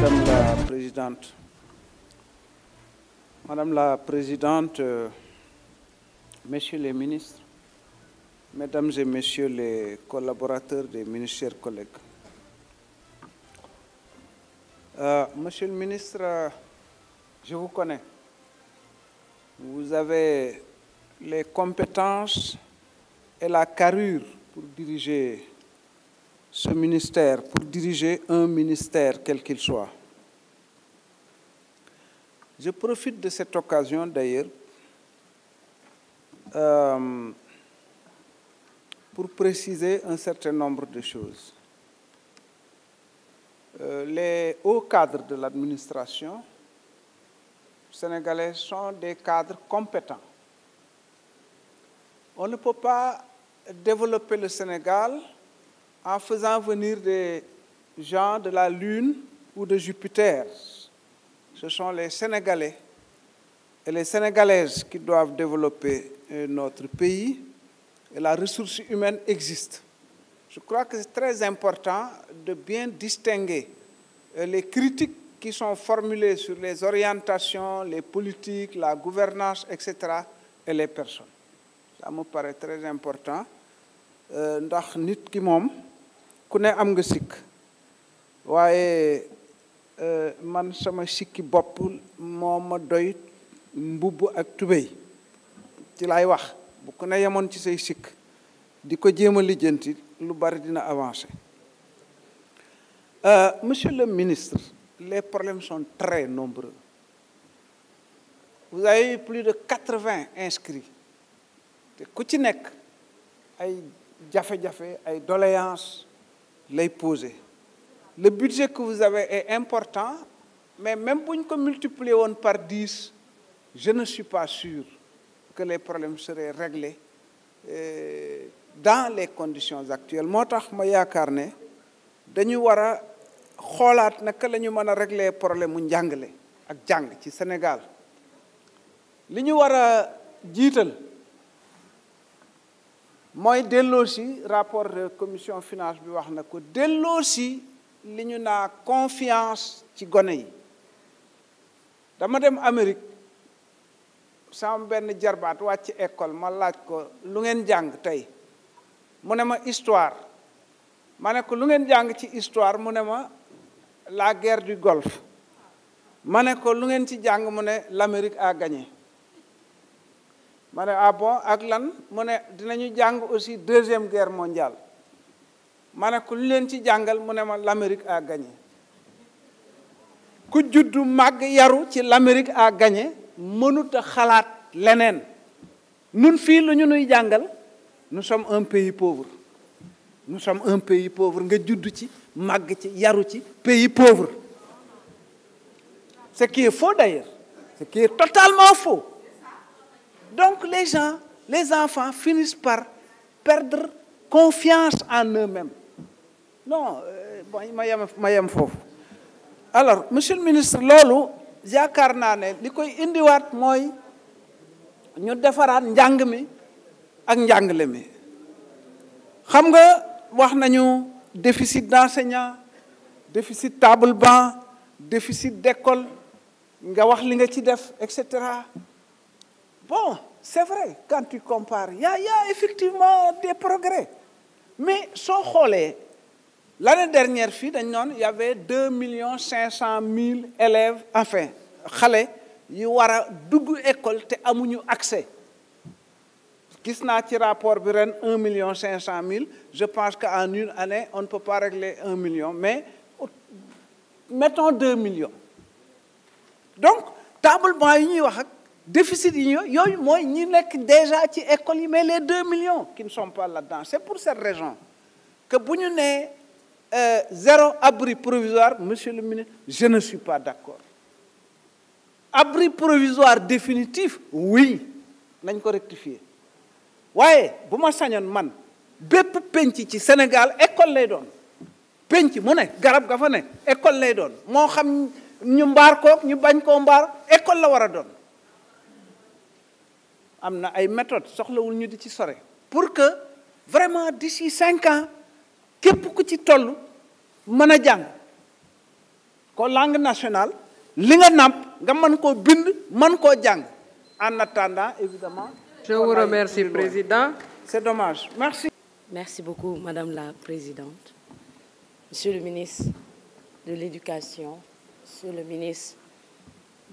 Madame la Présidente, Madame la Présidente, euh, Messieurs les ministres, Mesdames et Messieurs les collaborateurs des ministères collègues, euh, Monsieur le ministre, euh, je vous connais. Vous avez les compétences et la carrure pour diriger ce ministère, pour diriger un ministère quel qu'il soit. Je profite de cette occasion d'ailleurs euh, pour préciser un certain nombre de choses. Euh, les hauts cadres de l'administration sénégalaise sont des cadres compétents. On ne peut pas développer le Sénégal en faisant venir des gens de la Lune ou de Jupiter. Ce sont les Sénégalais et les Sénégalaises qui doivent développer euh, notre pays et la ressource humaine existe. Je crois que c'est très important de bien distinguer euh, les critiques qui sont formulées sur les orientations, les politiques, la gouvernance, etc., et les personnes. Ça me paraît très important euh, ndax nit ki moom ku ne am nga sikk waaye eh, man sama sikki bopp moo ma doy mbubb ak tubéy ci lay wax bu ku ne yemoon ci say sikk di ko jéem a lijjanti lu bari dina avancer eh, monsieur le ministre les problèmes sont très nombreux vous avez plus de quatre-vingts inscrits te ku ci nekk ay jafe-jafe ay doléances lay poser le budget que vous avez est important mais même bu ñu ko multiplier woon par dix je ne suis pas sûr que les problèmes seraient réglés euh, dans les conditions actuelles moo tax ma yaakaar ne dañu war a xoolaat naka la ñu mën a régler problème mu njàngale ak jàng ci Sénégal li ñu war a jiital mooy delloosi rapport de commission finance bi wax na ko delloosi li ñu naa confiance ci gone yi dama dem Amérique sama benn jarbaat ci école ma laaj ko lu ngeen jàng tey mu ne ma histoire ma ne ko lu ngeen jàng ci histoire mu ne ma la guerre du Golfe ma ne ko lu ngeen ci jàng mu ne l'Amérique a gagné mane ne ah bon ak lan mu ne dinañu jàng aussi deusième guerre mondiale ma ne ku leen ci jàngal mu ne ma l'Amérique a gagné ku juddu màgg yaru ci l'Amérique à gañe mënuta xalaat leneen nun fii lu ñu nuy jàngal nous sommes un pays pauvre nous sommes un pays pauvre nga juddu ci màgg ci yaru ci pays pauvre ce qui est faux d'ailleurs ce qui totalement faux Donc les gens, les enfants finissent par perdre confiance en eux-mêmes. Non, euh, bon, ma yem foofu alors monsieur ministre loolu yaakaar naa ne li koy indiwaat mooy ñu defaraat njàng mi ak njàngale mi xam nga wax nañu déficit d'enseignant déficit table-banc déficit d'école nga wax li nga ci def et cetera Bon, c'est vrai, quand tu compares, il y, y, a effectivement des progrès. Mais sans relais, l'année dernière, il y avait 2 500 000 élèves, enfin, Khalé, qui ont école et accès. gis naa ci rapport bi ren un million cinq cent mille je pense que en une année on ne peut pas régler un million mais mettons deux million donc table banc yi ñuy wax déficit yi ñoo yooyu mooy ñu nekk déjà ci école yi mais les deux millions qui sont pas là-dedans c'est pour cette raison que bu ñu nee euh, zéro abri provisoire monsieur le ministre je ne suis pas d'accord abri provisoire définitif oui nañ ko rectifier waaye bu ma sañoon man bépp penc ci Sénégal école lay doon penc mu ne garab ga fa ne école lay doon moo xam ñu mbaar ko ñu bañ koo mbaar école la war a doon am na ay méthodes soxlawul ñu di ci sore pour que vraiment d'ici cinq ans képp ku ci toll mën a jàng ko langue nationale li nga nàmp nga mën koo bind man koo jàng en attendant évidemment je vous remercie président c'est dommage merci merci beaucoup madame la présidente monsieur le ministre de l'éducation monsieur le ministre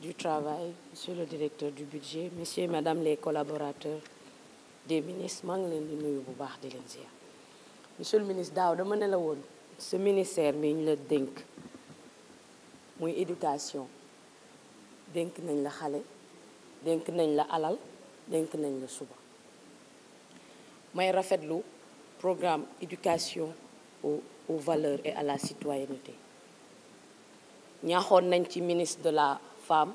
du travail monsieur le directeur du budget messieurs et madame les collaborateurs de ministres maa ngi leen di nuyu bu baax di leen ziar monsieur le ministre daaw dama ne la woon ce ministère bi ñu la dénk muy éducation dénk nañ la xale dénk nañ la alal dénk nañ la suba may rafetlu programme éducation aux aux valeurs et à la citoyenneté ñaaxoon nañ ci ministre de la femme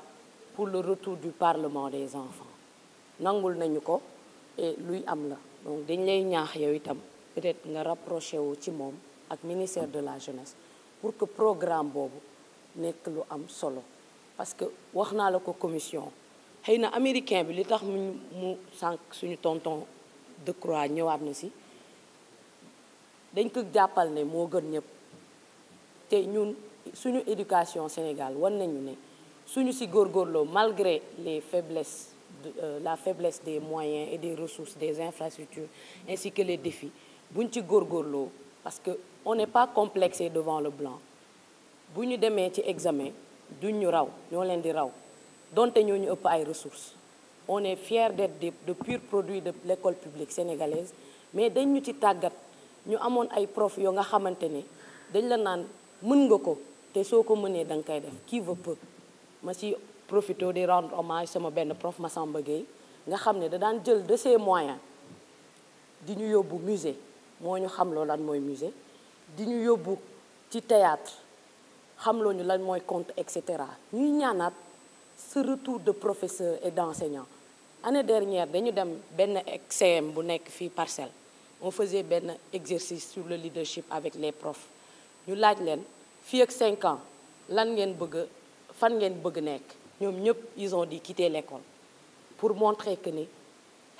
pour le retour du parlement des enfants nangul nañu ko et luy am la donc dañ lay ñaax yow itam peut-être nga rapproché wu ci moom ak ministère de la jeunesse pour que programme boobu nekk lu am solo parce que wax naa la ko commission xëy na américain bi li tax mu mu sànq suñu tonton de croix ñëwaat na si dañ ko jàppal ne moo gën ñëpp te ñun suñu éducation Sénégal wan nañu ne suñu si góorgóorloo malgré les faiblesses de, euh, la faiblesse des moyens et des ressources des infrastructures ainsi que les défis buñ ci góor góorgóorloo parce que on n'est pas complexé devant le blanc bu ñu demee ci examen du ñu raw ñoo leen di raw donte ñoo ñu ëpp ay ressources on est fier d'être de, de purs produits de l'école publique sénégalaise mais dañ ñu ci tàggat ñu amoon ay prof yoo nga xamante ne dañ la naan mën nga ko te soo ko mënee da kay koy def qui ma ci profité di rendre hommage sama benn prof ma Massamba Gueye nga xam ne da daan jël de ses moyens di ñu yóbbu musée moo ñu xamloo lan mooy musée di ñu yóbbu ci théâtre xamloo ñu lan mooy conte et cetera ñuy ñaanaat ce de professeur et d'enseignant année dernière dañu dem benn CM bu nekk fii parcelle on faisait benn exercice sur le leadership avec les profs ñu laaj leen fii ak 5 ans lan ngeen bëgg fan ngeen bëgg nekk ñoom ñëpp ils di dit quitter pour montrer que ni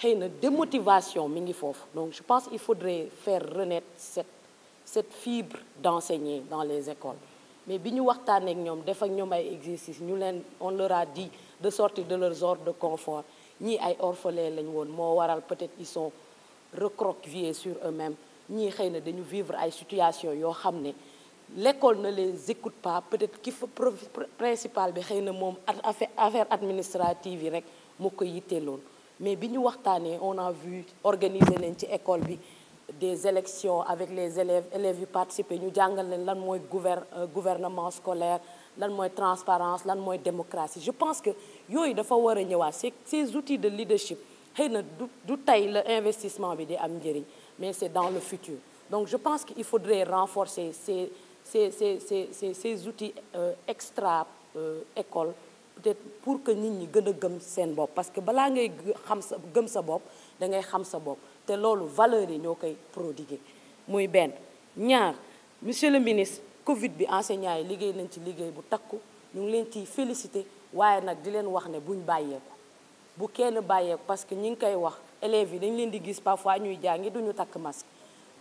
xëy na démotivation mi ngi foofu donc je pense il faudrait faire renaître cette cette fibre d'enseigner dans les écoles mais bi ñu waxtaanee ak ñoom def ak ñoom ay exercices ñu leen on leur a dit de sortir de leur zone de confort ñi ay orphelins lañ woon moo waral peut-être ils sont recroquevillés sur eux-mêmes ñii xëy na dañu vivre ay situations yoo xam ne l'école ne les écoute pas peut-être ki fa principal bi xëy na moom affaire administrative yi rek moo ko yitteeloon mais bi ñu waxtaanee on a vu organiser leen ci école bi des élections avec les élèves élèves yu participer ñu jàngal leen lan mooy gouver euh, gouvernement scolaire lan mooy transparence lan mooy démocratie je pense que yooyu dafa war a ñëwaat ces ces outils de leadership xëy na du du tey la investissement bi di am njëriñ mais c'est dans le futur donc je pense qu'il faudrait renforcer ces ces ces ces outils euh, extra euh, école peut-être pour que nit ñi gën a gëm seen bopp parce que balaa ngay xam sa gëm sa bopp da ngay xam sa bopp te loolu valeurs yi ñoo koy prodiguer muy benn ñaar monsieur le ministre Covid bi enseignants yi liggéey nañ ci liggéey bu takku ñu ngi leen ciy félicité waaye nag di leen wax ne buñ bàyyeeku bu kenn bàyyeeku parce que ñi ngi koy wax élèves yi dañ leen di gis parfois ñuy jàngi duñu takk masque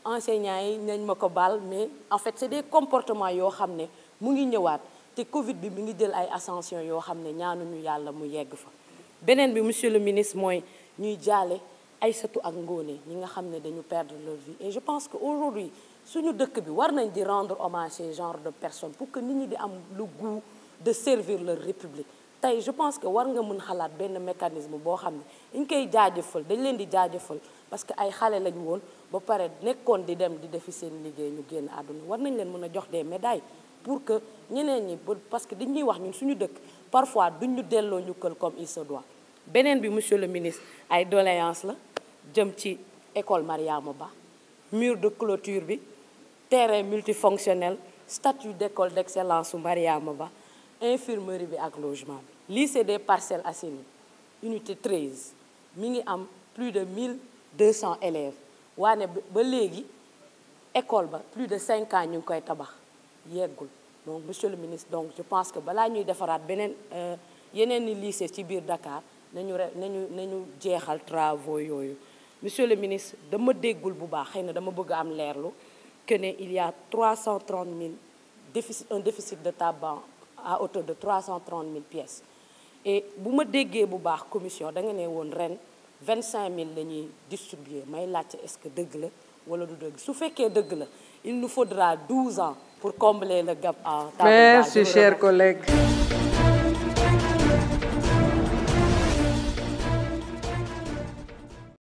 enseignants yi nañ ma ko baal mais en fait c'est des comportements yoo xam ne mu ngi ñëwaat te Covid bi mu ngi jël ay ascension yoo xam ne ñu yàlla mu yegg fa. beneen bi monsieur le ministre mooy ñuy jaale ay Aïssatou ak Ngoné ñi nga xam ne dañu perdre leur vie et je pense que aujourd'hui suñu dëkk bi war nañ di rendre hommage genre de personne pour que ni ñu di am lu goût de servir leur république. tey je pense que war nga mën xalaat benn mécanisme boo xam ne dañ koy jaajëfal dañ leen di jaajëfal. parce que ay xale lañ woon ba pare nekkoon di dem di defi seen liggéey ñu génn àdduna war nañ leen mën a jox des médailles pour que ñeneen ñi parce que dañ wax ñun suñu dëkk parfois duñ ñu delloo ñu kël comme il se doit beneen bi monsieur le ministre ay doléance la jëm ci école Mariama Ba mur de cloture bi terrain multifonctionnel statut d'école d'excellence su Mariama Ba infirmerie bi ak logement bi lii c'est des Parcelles Assainies unité 13 mi ngi am plus de mille 200 élèves waane ba léegi école ba plus de 5 ans ñu ngi koy tabax yeggul donc monsieur le ministre donc je pense que balaa ñuy defaraat beneen euh, yeneen ni lycée ci biir Dakar nañu re nañu nañu jeexal travaux yooyu monsieur le ministre dama déggul bu baax xëy na dama bëgg am leerlu que ne il y a 330 000 déficit un déficit de tabac à hauteur de 330 000 pièces et bu ma déggee bu baax commission da nga ne woon ren 25000 la ñuy distribuer may laajte est-ce que dëgg la wala du dëgg su fekkee dëgg la il nous faudra 12 ans pour combler la gap en. Merci, chers collègues.